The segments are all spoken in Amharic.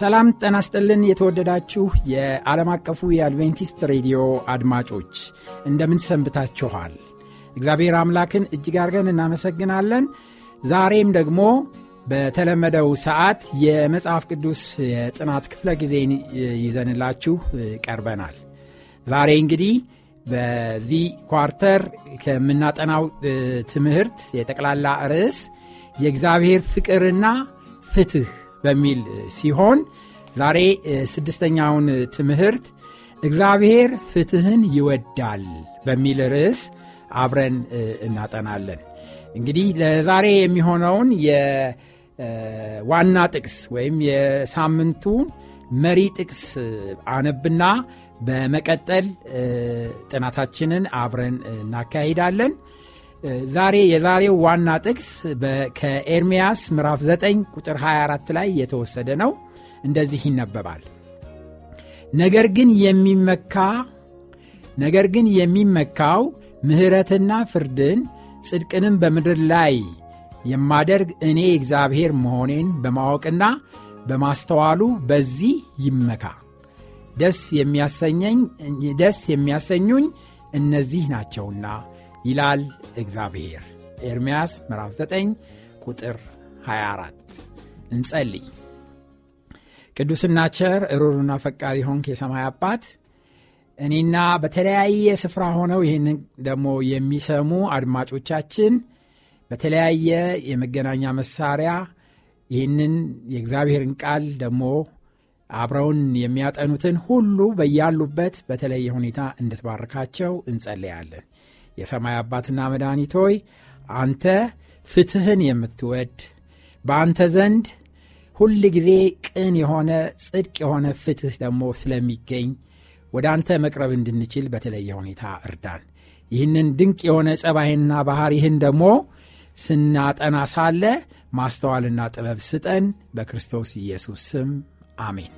ሰላም ጠናስጥልን የተወደዳችሁ የዓለም አቀፉ የአድቬንቲስት ሬዲዮ አድማጮች እንደምን ሰንብታችኋል? እግዚአብሔር አምላክን እጅግ አርገን እናመሰግናለን። ዛሬም ደግሞ በተለመደው ሰዓት የመጽሐፍ ቅዱስ የጥናት ክፍለ ጊዜን ይዘንላችሁ ቀርበናል። ዛሬ እንግዲህ በዚህ ኳርተር ከምናጠናው ትምህርት የጠቅላላ ርዕስ የእግዚአብሔር ፍቅርና ፍትህ በሚል ሲሆን ዛሬ ስድስተኛውን ትምህርት እግዚአብሔር ፍትህን ይወዳል በሚል ርዕስ አብረን እናጠናለን። እንግዲህ ለዛሬ የሚሆነውን የዋና ጥቅስ ወይም የሳምንቱ መሪ ጥቅስ አነብና በመቀጠል ጥናታችንን አብረን እናካሂዳለን። ዛሬ የዛሬው ዋና ጥቅስ ከኤርሚያስ ምዕራፍ 9 ቁጥር 24 ላይ የተወሰደ ነው። እንደዚህ ይነበባል። ነገር ግን የሚመካ ነገር ግን የሚመካው ምህረትና ፍርድን ጽድቅንም በምድር ላይ የማደርግ እኔ እግዚአብሔር መሆኔን በማወቅና በማስተዋሉ በዚህ ይመካ። ደስ የሚያሰኙኝ እነዚህ ናቸውና ይላል እግዚአብሔር። ኤርምያስ ምዕራፍ 9 ቁጥር 24። እንጸልይ። ቅዱስና ቸር እሩሩና ፈቃሪ ሆንክ የሰማይ አባት እኔና በተለያየ ስፍራ ሆነው ይህንን ደግሞ የሚሰሙ አድማጮቻችን በተለያየ የመገናኛ መሳሪያ ይህንን የእግዚአብሔርን ቃል ደግሞ አብረውን የሚያጠኑትን ሁሉ በያሉበት በተለየ ሁኔታ እንድትባርካቸው እንጸለያለን። የሰማይ አባትና መድኃኒት ሆይ አንተ ፍትህን የምትወድ በአንተ ዘንድ ሁል ጊዜ ቅን የሆነ ጽድቅ የሆነ ፍትህ ደግሞ ስለሚገኝ ወደ አንተ መቅረብ እንድንችል በተለየ ሁኔታ እርዳን። ይህንን ድንቅ የሆነ ጸባይና ይህን ደግሞ ስናጠና ሳለ ማስተዋልና ጥበብ ስጠን። በክርስቶስ ኢየሱስ ስም አሜን።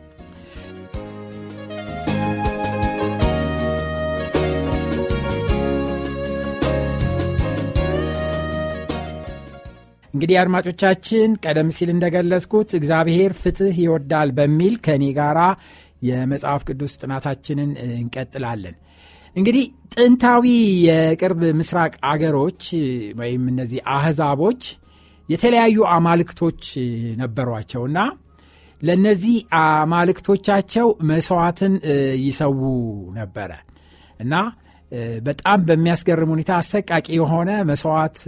እንግዲህ አድማጮቻችን ቀደም ሲል እንደገለጽኩት እግዚአብሔር ፍትህ ይወዳል በሚል ከኔ ጋራ የመጽሐፍ ቅዱስ ጥናታችንን እንቀጥላለን። እንግዲህ ጥንታዊ የቅርብ ምስራቅ አገሮች ወይም እነዚህ አህዛቦች የተለያዩ አማልክቶች ነበሯቸውና ለእነዚህ አማልክቶቻቸው መስዋዕትን ይሰዉ ነበረ እና በጣም በሚያስገርም ሁኔታ አሰቃቂ የሆነ መስዋዕት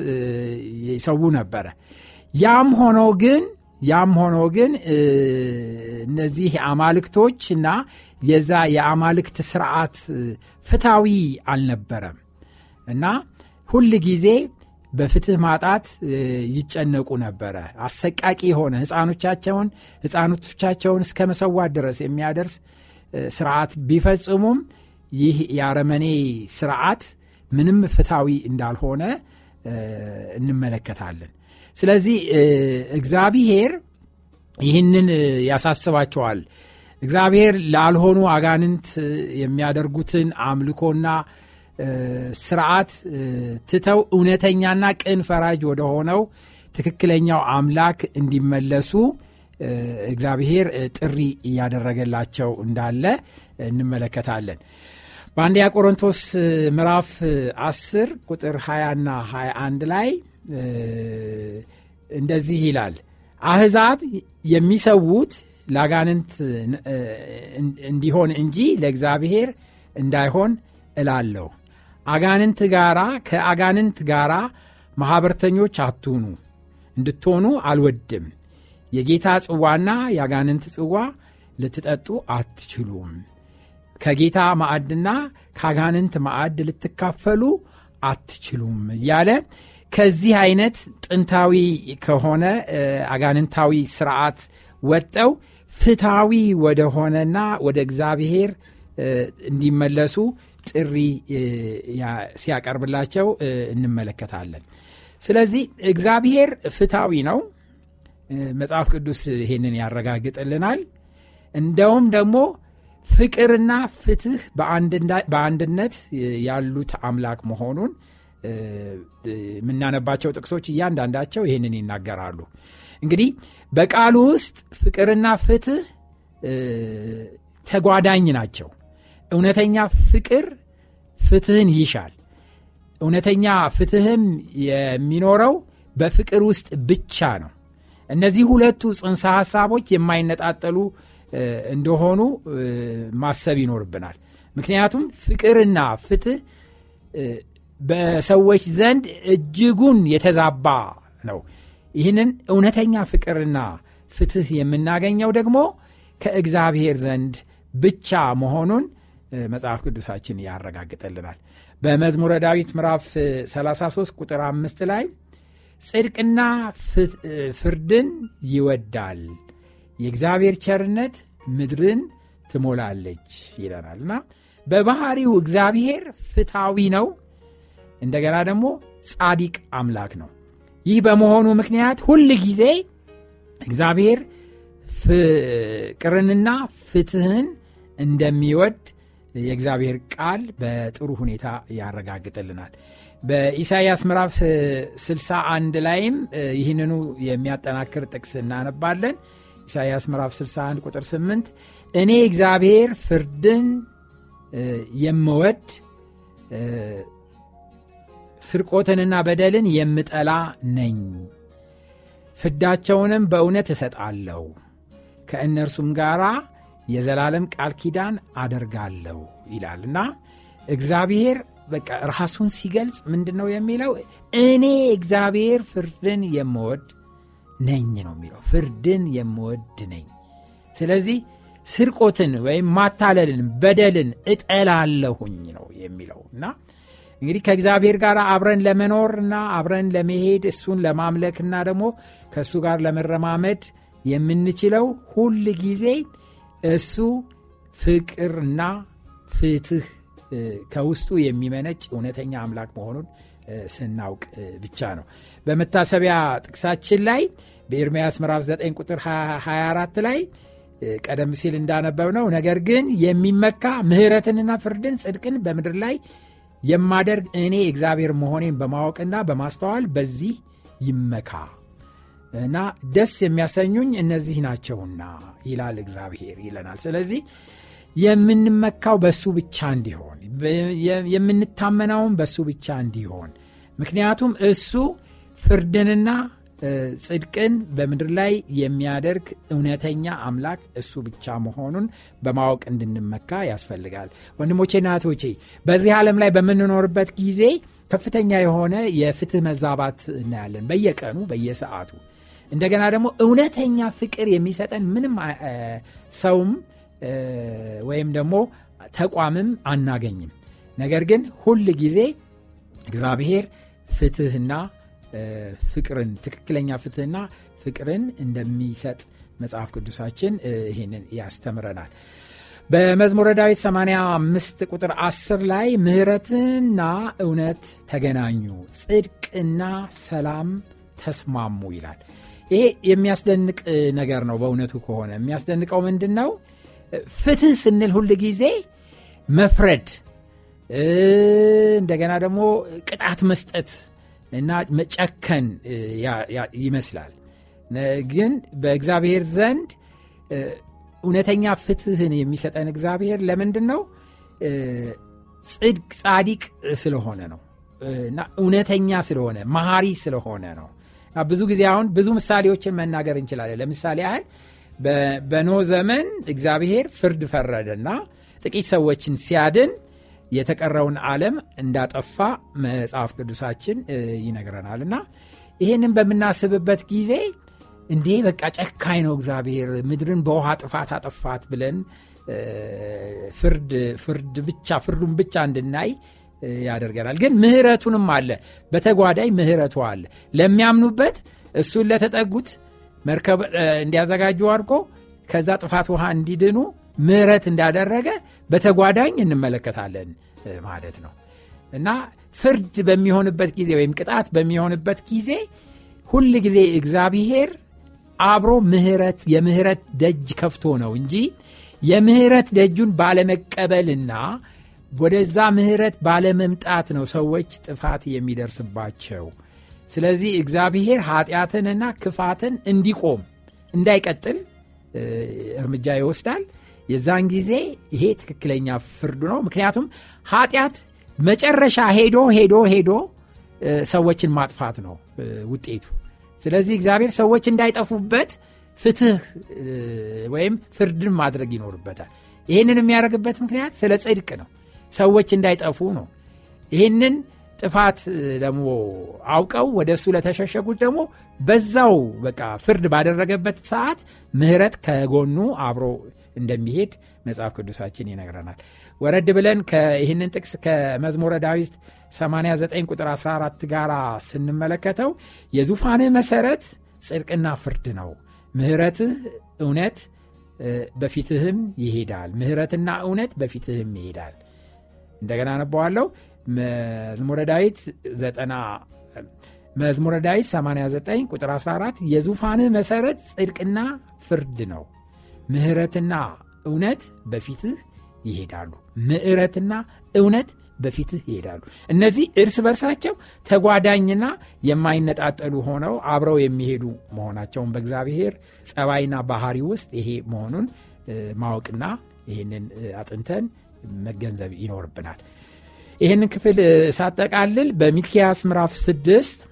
ይሰዉ ነበረ። ያም ሆኖ ግን ያም ሆኖ ግን እነዚህ አማልክቶች እና የዛ የአማልክት ስርዓት ፍታዊ አልነበረም እና ሁል ጊዜ በፍትህ ማጣት ይጨነቁ ነበረ። አሰቃቂ የሆነ ሕፃኖቻቸውን ሕፃኖቶቻቸውን እስከ መሰዋት ድረስ የሚያደርስ ስርዓት ቢፈጽሙም ይህ የአረመኔ ስርዓት ምንም ፍታዊ እንዳልሆነ እንመለከታለን። ስለዚህ እግዚአብሔር ይህንን ያሳስባቸዋል። እግዚአብሔር ላልሆኑ አጋንንት የሚያደርጉትን አምልኮና ስርዓት ትተው እውነተኛና ቅን ፈራጅ ወደሆነው ትክክለኛው አምላክ እንዲመለሱ እግዚአብሔር ጥሪ እያደረገላቸው እንዳለ እንመለከታለን። በአንደኛ ቆሮንቶስ ምዕራፍ 10 ቁጥር 20 ና 21 ላይ እንደዚህ ይላል አህዛብ የሚሰዉት ለአጋንንት እንዲሆን እንጂ ለእግዚአብሔር እንዳይሆን እላለሁ። አጋንንት ጋራ ከአጋንንት ጋራ ማኅበርተኞች አትሁኑ እንድትሆኑ አልወድም። የጌታ ጽዋና የአጋንንት ጽዋ ልትጠጡ አትችሉም ከጌታ ማዕድና ከአጋንንት ማዕድ ልትካፈሉ አትችሉም እያለ ከዚህ አይነት ጥንታዊ ከሆነ አጋንንታዊ ስርዓት ወጠው ፍትሐዊ ወደሆነና ወደ እግዚአብሔር እንዲመለሱ ጥሪ ሲያቀርብላቸው እንመለከታለን። ስለዚህ እግዚአብሔር ፍትሐዊ ነው። መጽሐፍ ቅዱስ ይሄንን ያረጋግጥልናል። እንደውም ደግሞ ፍቅርና ፍትህ በአንድነት ያሉት አምላክ መሆኑን የምናነባቸው ጥቅሶች እያንዳንዳቸው ይህንን ይናገራሉ። እንግዲህ በቃሉ ውስጥ ፍቅርና ፍትህ ተጓዳኝ ናቸው። እውነተኛ ፍቅር ፍትህን ይሻል። እውነተኛ ፍትህም የሚኖረው በፍቅር ውስጥ ብቻ ነው። እነዚህ ሁለቱ ጽንሰ ሐሳቦች የማይነጣጠሉ እንደሆኑ ማሰብ ይኖርብናል። ምክንያቱም ፍቅርና ፍትህ በሰዎች ዘንድ እጅጉን የተዛባ ነው። ይህንን እውነተኛ ፍቅርና ፍትህ የምናገኘው ደግሞ ከእግዚአብሔር ዘንድ ብቻ መሆኑን መጽሐፍ ቅዱሳችን ያረጋግጠልናል። በመዝሙረ ዳዊት ምዕራፍ 33 ቁጥር አምስት ላይ ጽድቅና ፍርድን ይወዳል የእግዚአብሔር ቸርነት ምድርን ትሞላለች ይለናልና በባህሪው እግዚአብሔር ፍታዊ ነው። እንደገና ደግሞ ጻዲቅ አምላክ ነው። ይህ በመሆኑ ምክንያት ሁል ጊዜ እግዚአብሔር ፍቅርንና ፍትህን እንደሚወድ የእግዚአብሔር ቃል በጥሩ ሁኔታ ያረጋግጥልናል። በኢሳይያስ ምዕራፍ 61 ላይም ይህንኑ የሚያጠናክር ጥቅስ እናነባለን። ኢሳይያስ ምዕራፍ 61 ቁጥር 8 እኔ እግዚአብሔር ፍርድን የምወድ ስርቆትንና በደልን የምጠላ ነኝ ፍዳቸውንም በእውነት እሰጣለሁ ከእነርሱም ጋር የዘላለም ቃል ኪዳን አደርጋለሁ ይላል እና እግዚአብሔር በቃ ራሱን ሲገልጽ ምንድን ነው የሚለው እኔ እግዚአብሔር ፍርድን የምወድ ነኝ ነው የሚለው ፍርድን የምወድ ነኝ ስለዚህ ስርቆትን ወይም ማታለልን በደልን እጠላለሁኝ ነው የሚለው እና እንግዲህ ከእግዚአብሔር ጋር አብረን ለመኖር እና አብረን ለመሄድ እሱን ለማምለክ እና ደግሞ ከእሱ ጋር ለመረማመድ የምንችለው ሁል ጊዜ እሱ ፍቅርና ፍትህ ከውስጡ የሚመነጭ እውነተኛ አምላክ መሆኑን ስናውቅ ብቻ ነው። በመታሰቢያ ጥቅሳችን ላይ በኤርምያስ ምዕራፍ 9 ቁጥር 24 ላይ ቀደም ሲል እንዳነበብ ነው ነገር ግን የሚመካ ምህረትንና ፍርድን ጽድቅን በምድር ላይ የማደርግ እኔ እግዚአብሔር መሆኔን በማወቅና በማስተዋል በዚህ ይመካ እና ደስ የሚያሰኙኝ እነዚህ ናቸውና ይላል እግዚአብሔር ይለናል። ስለዚህ የምንመካው በሱ ብቻ እንዲሆን የምንታመናውን በሱ ብቻ እንዲሆን ምክንያቱም እሱ ፍርድንና ጽድቅን በምድር ላይ የሚያደርግ እውነተኛ አምላክ እሱ ብቻ መሆኑን በማወቅ እንድንመካ ያስፈልጋል። ወንድሞቼና እህቶቼ በዚህ ዓለም ላይ በምንኖርበት ጊዜ ከፍተኛ የሆነ የፍትህ መዛባት እናያለን፣ በየቀኑ በየሰዓቱ። እንደገና ደግሞ እውነተኛ ፍቅር የሚሰጠን ምንም ሰውም ወይም ደግሞ ተቋምም አናገኝም። ነገር ግን ሁል ጊዜ እግዚአብሔር ፍትህና ፍቅርን ትክክለኛ ፍትህና ፍቅርን እንደሚሰጥ መጽሐፍ ቅዱሳችን ይህንን ያስተምረናል። በመዝሙረ ዳዊት 85 ቁጥር 10 ላይ ምህረትና እውነት ተገናኙ፣ ጽድቅና ሰላም ተስማሙ ይላል። ይሄ የሚያስደንቅ ነገር ነው። በእውነቱ ከሆነ የሚያስደንቀው ምንድን ነው? ፍትህ ስንል ሁል ጊዜ መፍረድ እንደገና ደግሞ ቅጣት መስጠት እና መጨከን ይመስላል። ግን በእግዚአብሔር ዘንድ እውነተኛ ፍትህን የሚሰጠን እግዚአብሔር ለምንድን ነው? ጽድቅ ጻዲቅ ስለሆነ ነው እና እውነተኛ ስለሆነ መሐሪ ስለሆነ ነው። ብዙ ጊዜ አሁን ብዙ ምሳሌዎችን መናገር እንችላለን። ለምሳሌ ያህል በኖ ዘመን እግዚአብሔር ፍርድ ፈረደና ጥቂት ሰዎችን ሲያድን የተቀረውን ዓለም እንዳጠፋ መጽሐፍ ቅዱሳችን ይነግረናል እና ይህንን በምናስብበት ጊዜ እንዴ በቃ ጨካኝ ነው እግዚአብሔር ምድርን በውሃ ጥፋት አጠፋት ብለን ፍርድ ፍርድ ብቻ ፍርዱን ብቻ እንድናይ ያደርገናል። ግን ምህረቱንም አለ፣ በተጓዳይ ምህረቱ አለ። ለሚያምኑበት እሱን ለተጠጉት መርከብ እንዲያዘጋጁ አድርጎ ከዛ ጥፋት ውሃ እንዲድኑ ምረት እንዳደረገ በተጓዳኝ እንመለከታለን ማለት ነው እና ፍርድ በሚሆንበት ጊዜ ወይም ቅጣት በሚሆንበት ጊዜ ሁል ጊዜ እግዚአብሔር አብሮ ምህረት የምህረት ደጅ ከፍቶ ነው እንጂ የምህረት ደጁን ባለመቀበልና ወደዛ ምህረት ባለመምጣት ነው ሰዎች ጥፋት የሚደርስባቸው ስለዚህ እግዚአብሔር ኃጢአትንና ክፋትን እንዲቆም እንዳይቀጥል እርምጃ ይወስዳል። የዛን ጊዜ ይሄ ትክክለኛ ፍርዱ ነው። ምክንያቱም ኃጢአት መጨረሻ ሄዶ ሄዶ ሄዶ ሰዎችን ማጥፋት ነው ውጤቱ። ስለዚህ እግዚአብሔር ሰዎች እንዳይጠፉበት ፍትህ ወይም ፍርድን ማድረግ ይኖርበታል። ይህንን የሚያደርግበት ምክንያት ስለ ጽድቅ ነው፣ ሰዎች እንዳይጠፉ ነው። ይህንን ጥፋት ደግሞ አውቀው ወደ እሱ ለተሸሸጉት ደግሞ በዛው በቃ ፍርድ ባደረገበት ሰዓት ምህረት ከጎኑ አብሮ እንደሚሄድ መጽሐፍ ቅዱሳችን ይነግረናል። ወረድ ብለን ይህንን ጥቅስ ከመዝሙረ ዳዊት 89 ቁጥር 14 ጋር ስንመለከተው የዙፋንህ መሰረት ጽድቅና ፍርድ ነው፣ ምህረትህ እውነት በፊትህም ይሄዳል፣ ምህረትና እውነት በፊትህም ይሄዳል። እንደገና ነበዋለው መዝሙረ ዳዊት ዘጠና መዝሙረ ዳዊት 89 ቁጥር 14 የዙፋንህ መሠረት ጽድቅና ፍርድ ነው፣ ምሕረትና እውነት በፊትህ ይሄዳሉ። ምዕረትና እውነት በፊትህ ይሄዳሉ። እነዚህ እርስ በርሳቸው ተጓዳኝና የማይነጣጠሉ ሆነው አብረው የሚሄዱ መሆናቸውን በእግዚአብሔር ጸባይና ባህሪ ውስጥ ይሄ መሆኑን ማወቅና ይህንን አጥንተን መገንዘብ ይኖርብናል። ይህንን ክፍል ሳጠቃልል በሚልኪያስ ምዕራፍ 6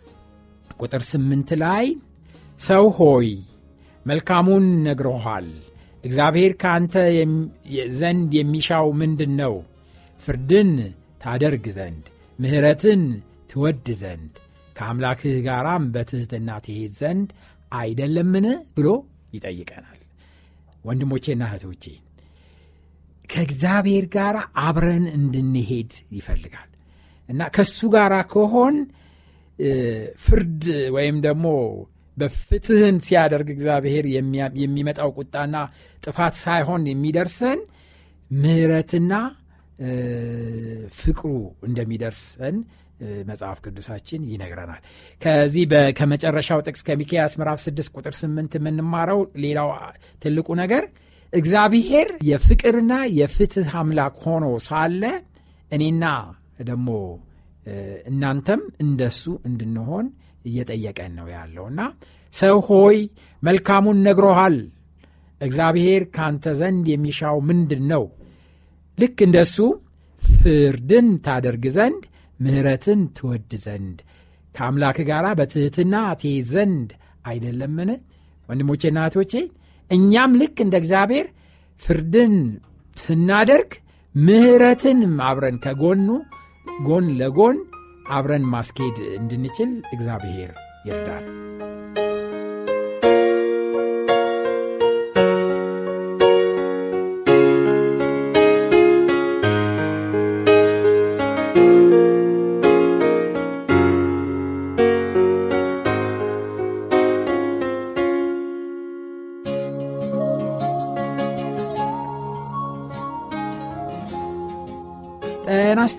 ቁጥር 8 ላይ ሰው ሆይ መልካሙን ነግሮኋል እግዚአብሔር ከአንተ ዘንድ የሚሻው ምንድን ነው? ፍርድን ታደርግ ዘንድ ምሕረትን ትወድ ዘንድ ከአምላክህ ጋራም በትሕትና ትሄድ ዘንድ አይደለምን ብሎ ይጠይቀናል። ወንድሞቼና እህቶቼ ከእግዚአብሔር ጋር አብረን እንድንሄድ ይፈልጋል እና ከሱ ጋር ከሆን ፍርድ ወይም ደግሞ በፍትህን ሲያደርግ እግዚአብሔር የሚመጣው ቁጣና ጥፋት ሳይሆን የሚደርሰን ምህረትና ፍቅሩ እንደሚደርሰን መጽሐፍ ቅዱሳችን ይነግረናል ከዚህ ከመጨረሻው ጥቅስ ከሚኪያስ ምዕራፍ 6 ቁጥር 8 የምንማረው ሌላው ትልቁ ነገር እግዚአብሔር የፍቅርና የፍትህ አምላክ ሆኖ ሳለ እኔና ደግሞ እናንተም እንደሱ እንድንሆን እየጠየቀን ነው ያለውና ሰው ሆይ መልካሙን ነግሮሃል እግዚአብሔር ካንተ ዘንድ የሚሻው ምንድን ነው ልክ እንደሱ ፍርድን ታደርግ ዘንድ ምህረትን ትወድ ዘንድ ከአምላክ ጋር በትህትና ትሄድ ዘንድ አይደለምን ወንድሞቼና እህቶቼ እኛም ልክ እንደ እግዚአብሔር ፍርድን ስናደርግ ምህረትን አብረን ከጎኑ ጎን ለጎን አብረን ማስኬድ እንድንችል እግዚአብሔር ይርዳል።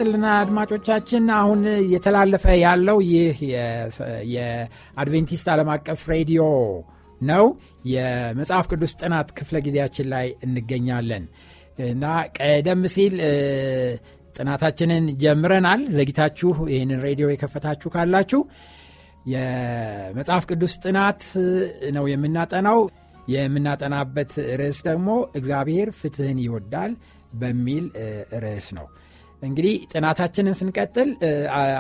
ጤና አድማጮቻችን፣ አሁን እየተላለፈ ያለው ይህ የአድቬንቲስት ዓለም አቀፍ ሬዲዮ ነው። የመጽሐፍ ቅዱስ ጥናት ክፍለ ጊዜያችን ላይ እንገኛለን እና ቀደም ሲል ጥናታችንን ጀምረናል። ዘጊታችሁ ይህንን ሬዲዮ የከፈታችሁ ካላችሁ የመጽሐፍ ቅዱስ ጥናት ነው የምናጠናው። የምናጠናበት ርዕስ ደግሞ እግዚአብሔር ፍትህን ይወዳል በሚል ርዕስ ነው። እንግዲህ ጥናታችንን ስንቀጥል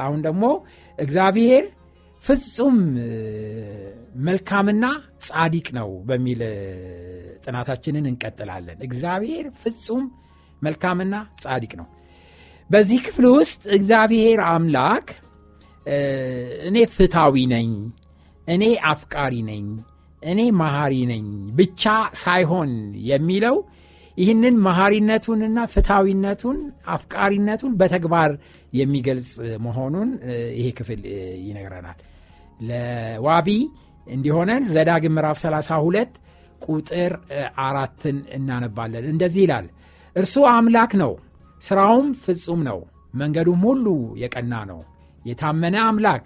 አሁን ደግሞ እግዚአብሔር ፍጹም መልካምና ጻዲቅ ነው በሚል ጥናታችንን እንቀጥላለን። እግዚአብሔር ፍጹም መልካምና ጻዲቅ ነው። በዚህ ክፍል ውስጥ እግዚአብሔር አምላክ እኔ ፍታዊ ነኝ፣ እኔ አፍቃሪ ነኝ፣ እኔ መሐሪ ነኝ ብቻ ሳይሆን የሚለው ይህንን መሐሪነቱንና ፍትሐዊነቱን አፍቃሪነቱን በተግባር የሚገልጽ መሆኑን ይሄ ክፍል ይነግረናል። ለዋቢ እንዲሆነን ዘዳግ ምዕራፍ 32 ቁጥር አራትን እናነባለን። እንደዚህ ይላል፣ እርሱ አምላክ ነው፣ ሥራውም ፍጹም ነው፣ መንገዱም ሁሉ የቀና ነው። የታመነ አምላክ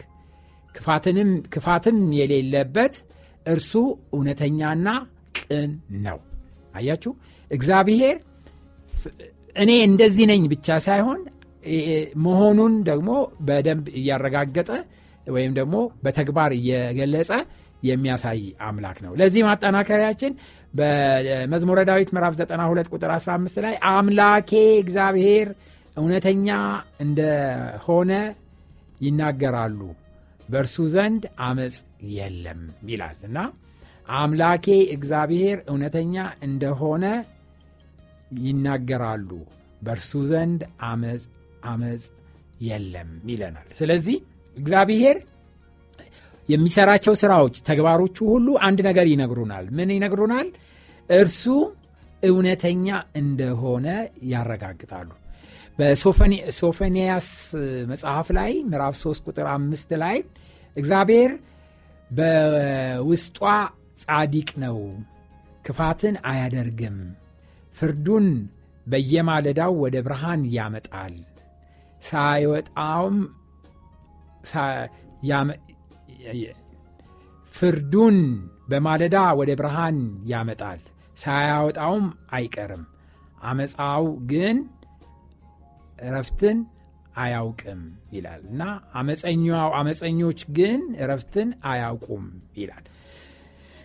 ክፋትም የሌለበት እርሱ እውነተኛና ቅን ነው። አያችሁ እግዚአብሔር እኔ እንደዚህ ነኝ ብቻ ሳይሆን መሆኑን ደግሞ በደንብ እያረጋገጠ ወይም ደግሞ በተግባር እየገለጸ የሚያሳይ አምላክ ነው። ለዚህ ማጠናከሪያችን በመዝሙረ ዳዊት ምዕራፍ 92 ቁጥር 15 ላይ አምላኬ እግዚአብሔር እውነተኛ እንደሆነ ይናገራሉ፣ በእርሱ ዘንድ አመፅ የለም ይላል እና አምላኬ እግዚአብሔር እውነተኛ እንደሆነ ይናገራሉ፣ በእርሱ ዘንድ አመፅ አመፅ የለም ይለናል። ስለዚህ እግዚአብሔር የሚሰራቸው ስራዎች፣ ተግባሮቹ ሁሉ አንድ ነገር ይነግሩናል። ምን ይነግሩናል? እርሱ እውነተኛ እንደሆነ ያረጋግጣሉ። በሶፎንያስ መጽሐፍ ላይ ምዕራፍ 3 ቁጥር አምስት ላይ እግዚአብሔር በውስጧ ጻዲቅ ነው፣ ክፋትን አያደርግም ፍርዱን በየማለዳው ወደ ብርሃን ያመጣል ሳይወጣውም ፍርዱን በማለዳ ወደ ብርሃን ያመጣል ሳያወጣውም አይቀርም አመፃው ግን እረፍትን አያውቅም ይላል እና አመፀኛው አመፀኞች ግን እረፍትን አያውቁም ይላል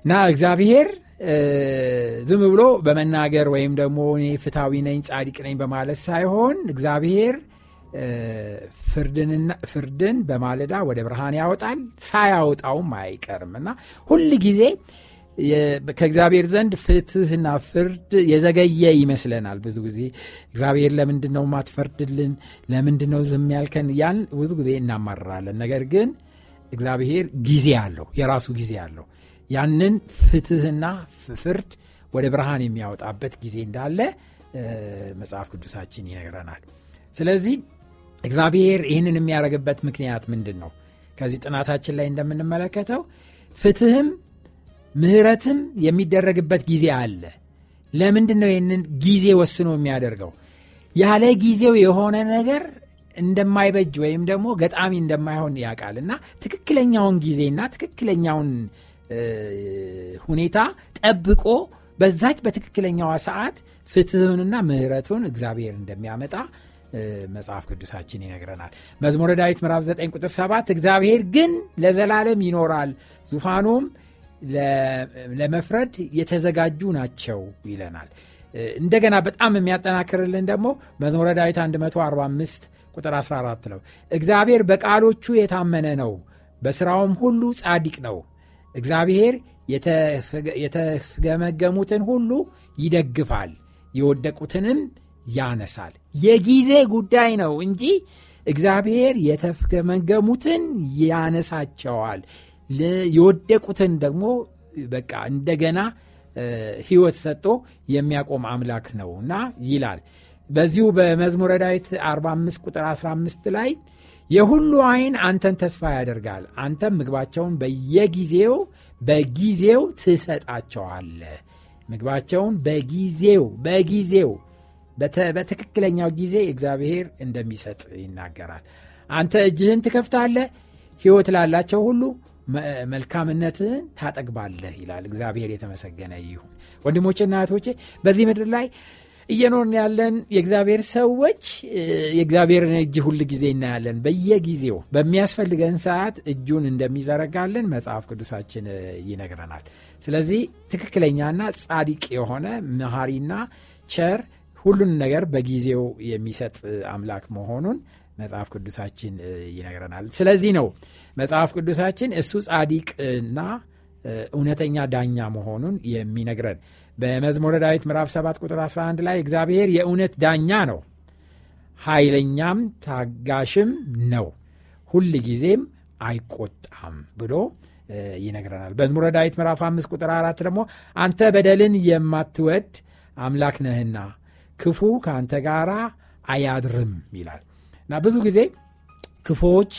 እና እግዚአብሔር ዝም ብሎ በመናገር ወይም ደግሞ እኔ ፍታዊ ነኝ ጻዲቅ ነኝ በማለት ሳይሆን እግዚአብሔር ፍርድን በማለዳ ወደ ብርሃን ያወጣል ሳያወጣውም አይቀርም እና ሁል ጊዜ ከእግዚአብሔር ዘንድ ፍትህና ፍርድ የዘገየ ይመስለናል። ብዙ ጊዜ እግዚአብሔር ለምንድን ነው ማትፈርድልን? ለምንድን ነው ዝም ያልከን? ያን ብዙ ጊዜ እናማራለን ነገር ግን እግዚአብሔር ጊዜ አለው፣ የራሱ ጊዜ አለው። ያንን ፍትህና ፍርድ ወደ ብርሃን የሚያወጣበት ጊዜ እንዳለ መጽሐፍ ቅዱሳችን ይነግረናል። ስለዚህ እግዚአብሔር ይህንን የሚያደርግበት ምክንያት ምንድን ነው? ከዚህ ጥናታችን ላይ እንደምንመለከተው ፍትህም ምህረትም የሚደረግበት ጊዜ አለ። ለምንድን ነው ይህንን ጊዜ ወስኖ የሚያደርገው? ያለ ጊዜው የሆነ ነገር እንደማይበጅ ወይም ደግሞ ገጣሚ እንደማይሆን ያውቃል እና ትክክለኛውን ጊዜና ትክክለኛውን ሁኔታ ጠብቆ በዛች በትክክለኛዋ ሰዓት ፍትህንና ምህረቱን እግዚአብሔር እንደሚያመጣ መጽሐፍ ቅዱሳችን ይነግረናል። መዝሙረ ዳዊት ምዕራፍ 9 ቁጥር 7 እግዚአብሔር ግን ለዘላለም ይኖራል፣ ዙፋኑም ለመፍረድ የተዘጋጁ ናቸው ይለናል። እንደገና በጣም የሚያጠናክርልን ደግሞ መዝሙረ ዳዊት 145 ቁጥር 14 ነው። እግዚአብሔር በቃሎቹ የታመነ ነው፣ በሥራውም ሁሉ ጻድቅ ነው እግዚአብሔር የተፍገመገሙትን ሁሉ ይደግፋል፣ የወደቁትንም ያነሳል። የጊዜ ጉዳይ ነው እንጂ እግዚአብሔር የተፍገመገሙትን ያነሳቸዋል፣ የወደቁትን ደግሞ በቃ እንደገና ህይወት ሰጥቶ የሚያቆም አምላክ ነው እና ይላል። በዚሁ በመዝሙረ ዳዊት 45 ቁጥር 15 ላይ የሁሉ አይን አንተን ተስፋ ያደርጋል፣ አንተም ምግባቸውን በየጊዜው በጊዜው ትሰጣቸዋለ ምግባቸውን በጊዜው በጊዜው በትክክለኛው ጊዜ እግዚአብሔር እንደሚሰጥ ይናገራል። አንተ እጅህን ትከፍታለ ሕይወት ላላቸው ሁሉ መልካምነትህን ታጠግባለህ ይላል። እግዚአብሔር የተመሰገነ ይሁን። ወንድሞቼና እህቶቼ በዚህ ምድር ላይ እየኖርን ያለን የእግዚአብሔር ሰዎች የእግዚአብሔርን እጅ ሁል ጊዜ እናያለን። በየጊዜው በሚያስፈልገን ሰዓት እጁን እንደሚዘረጋልን መጽሐፍ ቅዱሳችን ይነግረናል። ስለዚህ ትክክለኛና ጻድቅ የሆነ መሐሪና ቸር ሁሉን ነገር በጊዜው የሚሰጥ አምላክ መሆኑን መጽሐፍ ቅዱሳችን ይነግረናል። ስለዚህ ነው መጽሐፍ ቅዱሳችን እሱ ጻዲቅና እውነተኛ ዳኛ መሆኑን የሚነግረን በመዝሙረ ዳዊት ምዕራፍ 7 ቁጥር 11 ላይ እግዚአብሔር የእውነት ዳኛ ነው፣ ኃይለኛም ታጋሽም ነው፣ ሁል ጊዜም አይቆጣም ብሎ ይነግረናል። በመዝሙረ ዳዊት ምዕራፍ 5 ቁጥር 4 ደግሞ አንተ በደልን የማትወድ አምላክ ነህና ክፉ ከአንተ ጋር አያድርም ይላል እና ብዙ ጊዜ ክፎች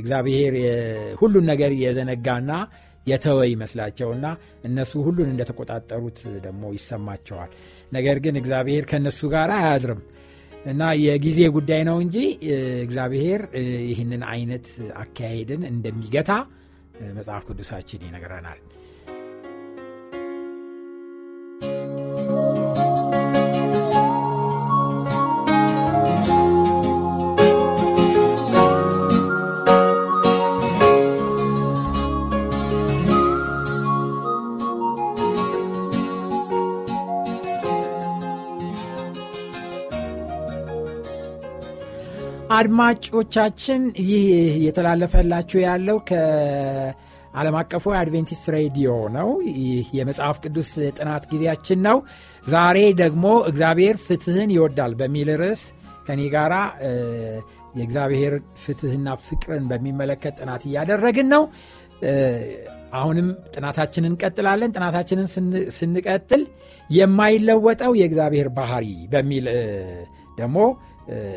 እግዚአብሔር ሁሉን ነገር የዘነጋና የተወ ይመስላቸውና እነሱ ሁሉን እንደተቆጣጠሩት ደግሞ ይሰማቸዋል። ነገር ግን እግዚአብሔር ከእነሱ ጋር አያድርም እና የጊዜ ጉዳይ ነው እንጂ እግዚአብሔር ይህንን አይነት አካሄድን እንደሚገታ መጽሐፍ ቅዱሳችን ይነግረናል። አድማጮቻችን ይህ እየተላለፈላችሁ ያለው ከዓለም አቀፉ የአድቬንቲስት ሬዲዮ ነው። ይህ የመጽሐፍ ቅዱስ ጥናት ጊዜያችን ነው። ዛሬ ደግሞ እግዚአብሔር ፍትህን ይወዳል በሚል ርዕስ ከኔ ጋራ የእግዚአብሔር ፍትህና ፍቅርን በሚመለከት ጥናት እያደረግን ነው። አሁንም ጥናታችንን እንቀጥላለን። ጥናታችንን ስንቀጥል የማይለወጠው የእግዚአብሔር ባህሪ በሚል ደግሞ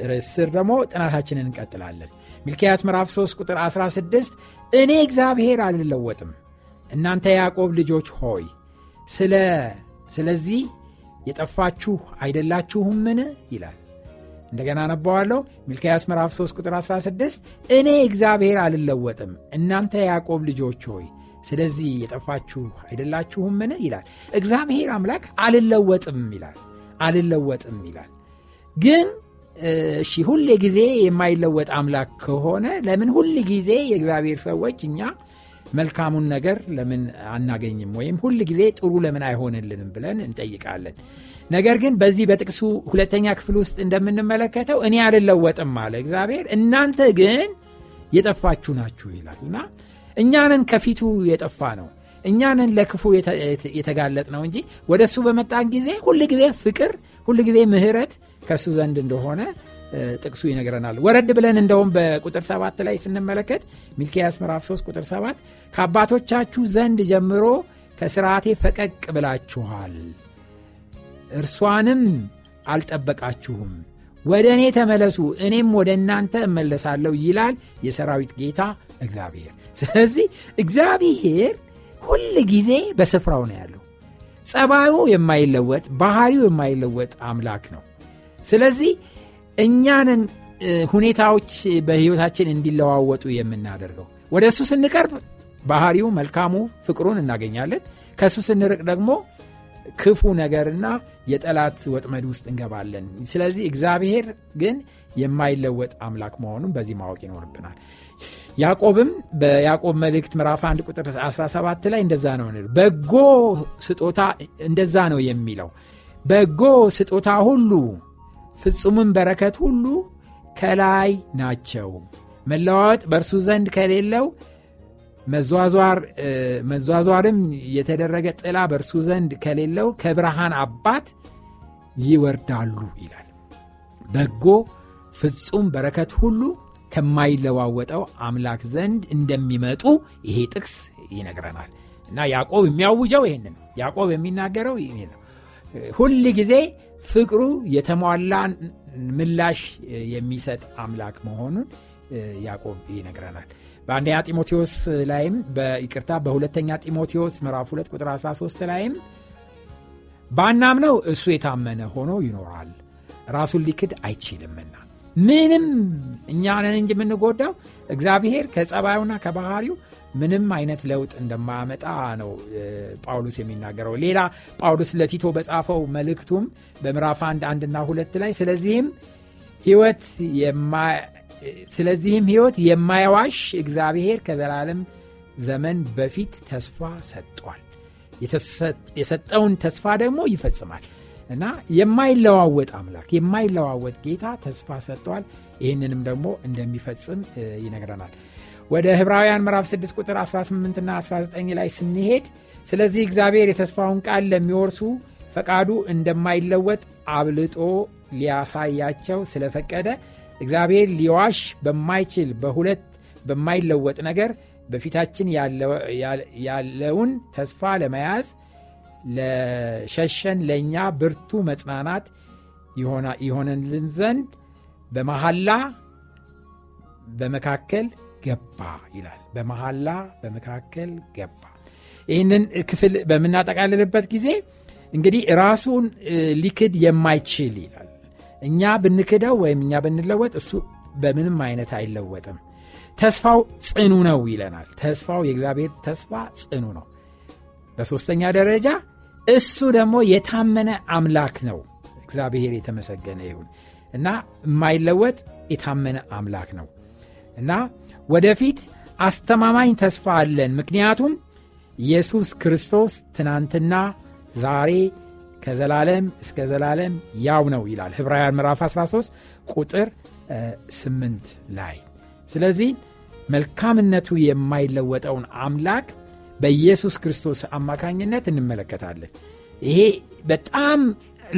ርዕስ ስር ደግሞ ጥናታችንን እንቀጥላለን። ሚልኪያስ ምዕራፍ 3 ቁጥር 16 እኔ እግዚአብሔር አልለወጥም፣ እናንተ ያዕቆብ ልጆች ሆይ ስለዚህ የጠፋችሁ አይደላችሁምን ይላል። እንደገና አነባዋለሁ ሚልኪያስ ምዕራፍ 3 ቁጥር 16 እኔ እግዚአብሔር አልለወጥም፣ እናንተ ያዕቆብ ልጆች ሆይ ስለዚህ የጠፋችሁ አይደላችሁምን ይላል። እግዚአብሔር አምላክ አልለወጥም ይላል። አልለወጥም ይላል ግን እሺ ሁል ጊዜ የማይለወጥ አምላክ ከሆነ ለምን ሁል ጊዜ የእግዚአብሔር ሰዎች እኛ መልካሙን ነገር ለምን አናገኝም ወይም ሁል ጊዜ ጥሩ ለምን አይሆንልንም ብለን እንጠይቃለን ነገር ግን በዚህ በጥቅሱ ሁለተኛ ክፍል ውስጥ እንደምንመለከተው እኔ አልለወጥም አለ እግዚአብሔር እናንተ ግን የጠፋችሁ ናችሁ ይላል እና እኛንን ከፊቱ የጠፋ ነው እኛንን ለክፉ የተጋለጥ ነው እንጂ ወደ እሱ በመጣን ጊዜ ሁል ጊዜ ፍቅር ሁል ጊዜ ምህረት ከእሱ ዘንድ እንደሆነ ጥቅሱ ይነግረናል። ወረድ ብለን እንደውም በቁጥር ሰባት ላይ ስንመለከት ሚልኪያስ ምራፍ 3 ቁጥር 7 ከአባቶቻችሁ ዘንድ ጀምሮ ከስርዓቴ ፈቀቅ ብላችኋል፣ እርሷንም አልጠበቃችሁም፣ ወደ እኔ ተመለሱ፣ እኔም ወደ እናንተ እመለሳለሁ ይላል የሰራዊት ጌታ እግዚአብሔር። ስለዚህ እግዚአብሔር ሁል ጊዜ በስፍራው ነው ያለው። ጸባዩ የማይለወጥ ባህሪው የማይለወጥ አምላክ ነው። ስለዚህ እኛንን ሁኔታዎች በሕይወታችን እንዲለዋወጡ የምናደርገው ወደ እሱ ስንቀርብ ባህሪው መልካሙ ፍቅሩን እናገኛለን ከእሱ ስንርቅ ደግሞ ክፉ ነገርና የጠላት ወጥመድ ውስጥ እንገባለን ስለዚህ እግዚአብሔር ግን የማይለወጥ አምላክ መሆኑን በዚህ ማወቅ ይኖርብናል ያዕቆብም በያዕቆብ መልእክት ምዕራፍ 1 ቁጥር 17 ላይ እንደዛ ነው በጎ ስጦታ እንደዛ ነው የሚለው በጎ ስጦታ ሁሉ ፍጹምም በረከት ሁሉ ከላይ ናቸው። መለዋወጥ በእርሱ ዘንድ ከሌለው መዟዟርም የተደረገ ጥላ በእርሱ ዘንድ ከሌለው ከብርሃን አባት ይወርዳሉ ይላል። በጎ ፍጹም በረከት ሁሉ ከማይለዋወጠው አምላክ ዘንድ እንደሚመጡ ይሄ ጥቅስ ይነግረናል እና ያዕቆብ የሚያውጀው ይህን ያዕቆብ የሚናገረው ይሄ ነው። ሁል ጊዜ ፍቅሩ የተሟላ ምላሽ የሚሰጥ አምላክ መሆኑን ያዕቆብ ይነግረናል። በአንደኛ ጢሞቴዎስ ላይም በይቅርታ በሁለተኛ ጢሞቴዎስ ምዕራፍ 2 ቁጥር 13 ላይም ባናምነው እሱ የታመነ ሆኖ ይኖራል፣ ራሱን ሊክድ አይችልምና ምንም እኛንን ነን እንጂ የምንጎዳው እግዚአብሔር ከጸባዩና ከባህሪው ምንም አይነት ለውጥ እንደማያመጣ ነው ጳውሎስ የሚናገረው። ሌላ ጳውሎስ ለቲቶ በጻፈው መልእክቱም በምዕራፍ አንድ አንድና ሁለት ላይ ስለዚህም ህይወት ስለዚህም የማይዋሽ እግዚአብሔር ከዘላለም ዘመን በፊት ተስፋ ሰጥቷል። የሰጠውን ተስፋ ደግሞ ይፈጽማል እና የማይለዋወጥ አምላክ የማይለዋወጥ ጌታ ተስፋ ሰጥቷል። ይህንንም ደግሞ እንደሚፈጽም ይነግረናል። ወደ ኅብራውያን ምዕራፍ 6 ቁጥር 18ና 19 ላይ ስንሄድ ስለዚህ እግዚአብሔር የተስፋውን ቃል ለሚወርሱ ፈቃዱ እንደማይለወጥ አብልጦ ሊያሳያቸው ስለፈቀደ እግዚአብሔር ሊዋሽ በማይችል በሁለት በማይለወጥ ነገር በፊታችን ያለውን ተስፋ ለመያዝ ለሸሸን ለእኛ ብርቱ መጽናናት ይሆንልን ዘንድ በመሐላ በመካከል ገባ ይላል። በመሐላ በመካከል ገባ። ይህንን ክፍል በምናጠቃልልበት ጊዜ እንግዲህ ራሱን ሊክድ የማይችል ይላል። እኛ ብንክደው ወይም እኛ ብንለወጥ እሱ በምንም አይነት አይለወጥም። ተስፋው ጽኑ ነው ይለናል። ተስፋው የእግዚአብሔር ተስፋ ጽኑ ነው። በሦስተኛ ደረጃ እሱ ደግሞ የታመነ አምላክ ነው። እግዚአብሔር የተመሰገነ ይሁን እና የማይለወጥ የታመነ አምላክ ነው እና ወደፊት አስተማማኝ ተስፋ አለን። ምክንያቱም ኢየሱስ ክርስቶስ ትናንትና፣ ዛሬ ከዘላለም እስከ ዘላለም ያው ነው ይላል ኅብራውያን ምዕራፍ 13 ቁጥር 8 ላይ። ስለዚህ መልካምነቱ የማይለወጠውን አምላክ በኢየሱስ ክርስቶስ አማካኝነት እንመለከታለን። ይሄ በጣም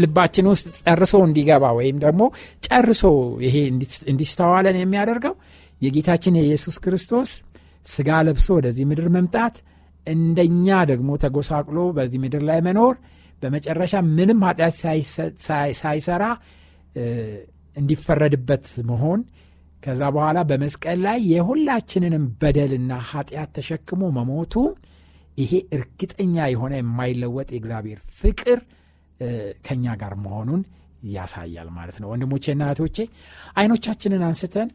ልባችን ውስጥ ጨርሶ እንዲገባ ወይም ደግሞ ጨርሶ ይሄ እንዲስተዋለን የሚያደርገው የጌታችን የኢየሱስ ክርስቶስ ስጋ ለብሶ ወደዚህ ምድር መምጣት እንደኛ ደግሞ ተጎሳቅሎ በዚህ ምድር ላይ መኖር በመጨረሻ ምንም ኃጢአት ሳይሰራ እንዲፈረድበት መሆን ከዛ በኋላ በመስቀል ላይ የሁላችንንም በደልና ኃጢአት ተሸክሞ መሞቱ ይሄ እርግጠኛ የሆነ የማይለወጥ የእግዚአብሔር ፍቅር ከእኛ ጋር መሆኑን ያሳያል ማለት ነው ና እህቶቼ አይኖቻችንን አንስተን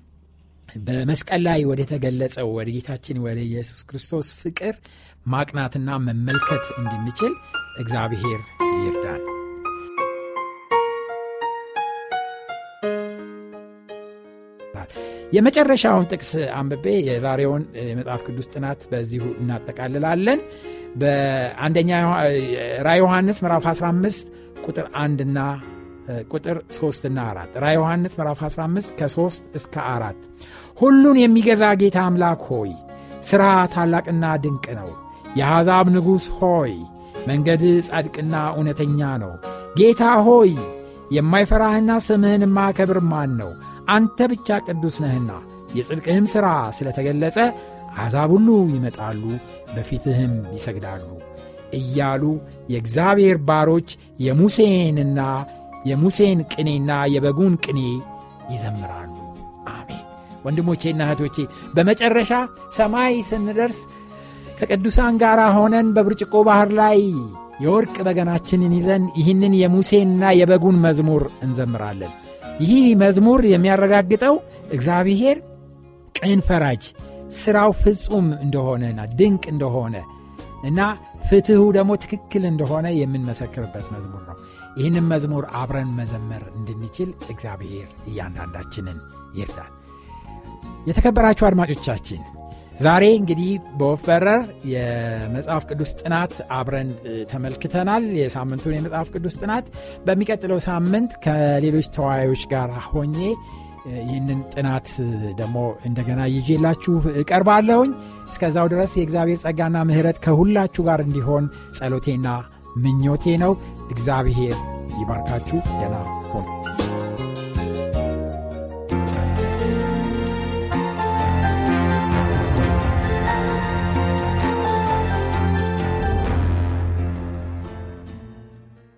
በመስቀል ላይ ወደ ተገለጸው ወደ ጌታችን ወደ ኢየሱስ ክርስቶስ ፍቅር ማቅናትና መመልከት እንድንችል እግዚአብሔር ይርዳል። የመጨረሻውን ጥቅስ አንብቤ የዛሬውን መጽሐፍ ቅዱስ ጥናት በዚሁ እናጠቃልላለን። በአንደኛ ራ ዮሐንስ ምዕራፍ 15 ቁጥር አንድና ቁጥር 3 እና 4 ራ ዮሐንስ ምዕራፍ 15 ከ3 እስከ 4 ሁሉን የሚገዛ ጌታ አምላክ ሆይ ሥራ ታላቅና ድንቅ ነው። የአሕዛብ ንጉሥ ሆይ መንገድ ጻድቅና እውነተኛ ነው። ጌታ ሆይ የማይፈራህና ስምህን ማከብር ማን ነው? አንተ ብቻ ቅዱስ ነህና የጽድቅህም ሥራ ስለ ተገለጸ አሕዛብ ሁሉ ይመጣሉ፣ በፊትህም ይሰግዳሉ እያሉ የእግዚአብሔር ባሮች የሙሴንና የሙሴን ቅኔና የበጉን ቅኔ ይዘምራሉ። አሜን። ወንድሞቼና እህቶቼ በመጨረሻ ሰማይ ስንደርስ ከቅዱሳን ጋር ሆነን በብርጭቆ ባህር ላይ የወርቅ በገናችንን ይዘን ይህንን የሙሴንና የበጉን መዝሙር እንዘምራለን። ይህ መዝሙር የሚያረጋግጠው እግዚአብሔር ቅን ፈራጅ፣ ሥራው ፍጹም እንደሆነና ድንቅ እንደሆነ እና ፍትሁ ደግሞ ትክክል እንደሆነ የምንመሰክርበት መዝሙር ነው። ይህንም መዝሙር አብረን መዘመር እንድንችል እግዚአብሔር እያንዳንዳችንን ይርዳል። የተከበራችሁ አድማጮቻችን ዛሬ እንግዲህ በወፍ በረር የመጽሐፍ ቅዱስ ጥናት አብረን ተመልክተናል። የሳምንቱን የመጽሐፍ ቅዱስ ጥናት በሚቀጥለው ሳምንት ከሌሎች ተዋዮች ጋር ሆኜ ይህንን ጥናት ደግሞ እንደገና ይዤላችሁ እቀርባለሁኝ። እስከዛው ድረስ የእግዚአብሔር ጸጋና ምህረት ከሁላችሁ ጋር እንዲሆን ጸሎቴና ምኞቴ ነው። እግዚአብሔር ይባርካችሁ። ደና ሁኑ።